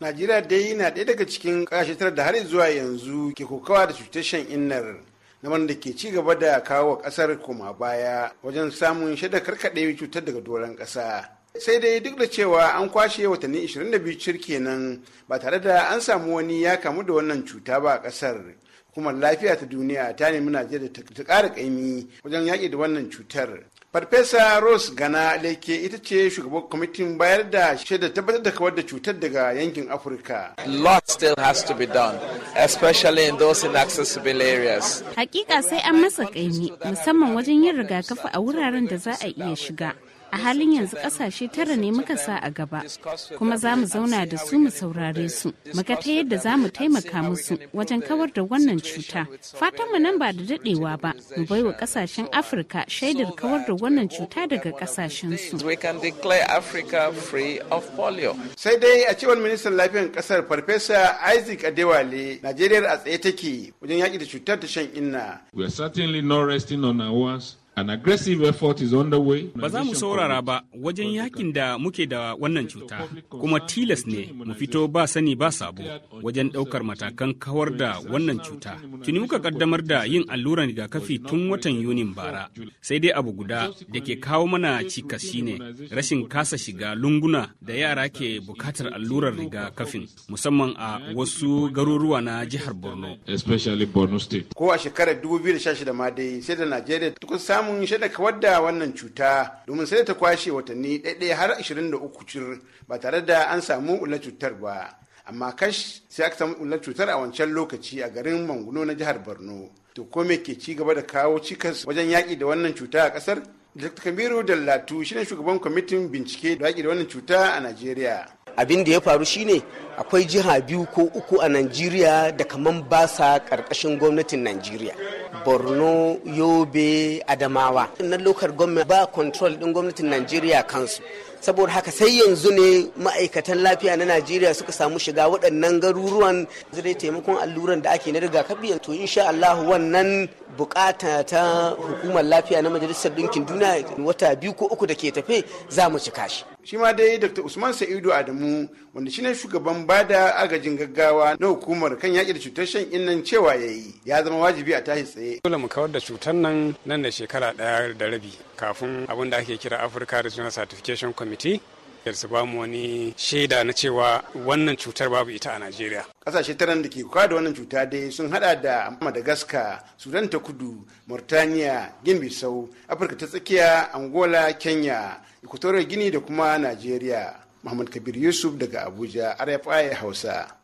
najeriya dai na ɗaya daga cikin ƙasashe tara da har zuwa yanzu ke kokawa da cutar shan innar na wanda ke ci gaba da kawo wa ƙasar koma baya wajen samun shaida karkaɗe cutar daga doron ƙasa sai dai duk da cewa an kwashe watanni 22 cir kenan ba tare da an samu wani ya kamu da wannan cuta ba a ƙasar hukumar lafiya ta duniya ta nemi najeriya ta ƙara ƙaimi wajen yaƙi da wannan cutar Farfesa Rose Gana Leke ita ce shugaban kwamitin bayar da shaida tabbatar da kawar da cutar daga yankin Afirka. Lot still has to be done, especially in those inaccessible areas. Hakika sai an masa kaimi musamman wajen yin rigakafi a wuraren da za a iya shiga. a halin yanzu kasashe tara ne muka sa a gaba kuma za mu zauna da su mu saurare su muka ta yadda za mu taimaka musu wajen kawar da wannan cuta fatanmu nan ba da dadewa ba mu bai wa kasashen afirka shaidar kawar da wannan cuta daga kasashen su sai dai a cewar ministan lafiyar kasar farfesa isaac adewale najeriya a tsaye take wajen yaki da cutar ta shan inna we are certainly not resting on our Ba za mu saurara ba wajen yakin da muke da wannan cuta, kuma tilas ne mu fito ba sani ba sabo wajen ɗaukar matakan kawar da wannan cuta. Tuni muka kaddamar da yin alluran rigakafi tun watan Yunin bara, sai dai abu guda da ke kawo mana cikas shine rashin kasa shiga lunguna da yara ke bukatar allurar rigakafin, musamman a wasu garuruwa na jihar Borno. Ko a shekarar 2016 ma dai sai da Najeriya tukun samun shaida kawar da wannan cuta domin sai ta kwashe watanni ɗaiɗe har 23 cir ba tare da an samu ula cutar ba. Amma kash sai aka samu ula cutar a wancan lokaci a garin Manguno na jihar Borno. To ko me ke ci gaba da kawo cikas wajen yaƙi da wannan cuta a ƙasar? Dr. Kabiru Dallatu shine shugaban kwamitin bincike da yaƙi da wannan cuta a Najeriya. abin da ya faru shine akwai jiha biyu ko uku a najeriya da kaman ba sa karkashin gwamnatin najeriya borno yobe adamawa na lokar gwamnati ba control din gwamnatin najeriya kansu saboda haka sai yanzu ne ma'aikatan lafiya na najeriya suka samu shiga waɗannan garuruwan zai taimakon alluran da ake na rigakafi to insha Allah wannan bukata ta hukumar lafiya na majalisar ɗinkin duniya wata biyu ko uku da ke tafe za mu cika shi shi ma dai dr usman sa'idu adamu wanda shine shugaban bada agajin gaggawa na hukumar kan yaƙi da cutar shan innan cewa ya yi ya zama wajibi a tashi tsaye dole mu kawar da cutar nan nan da shekara ɗaya da rabi kafin abin da ake kira africa regional certification committee yar su ba mu wani shaida na cewa wannan cutar babu ita a Najeriya. Ƙasashe taron da ke kuka da wannan cuta dai sun hada da Madagascar, Sudan ta kudu, Mauritania, Guinea-Bissau, Afirka ta tsakiya, Angola, Kenya, Equatorial Guinea da kuma Najeriya. Muhammad Kabir Yusuf daga Abuja, RFI Hausa.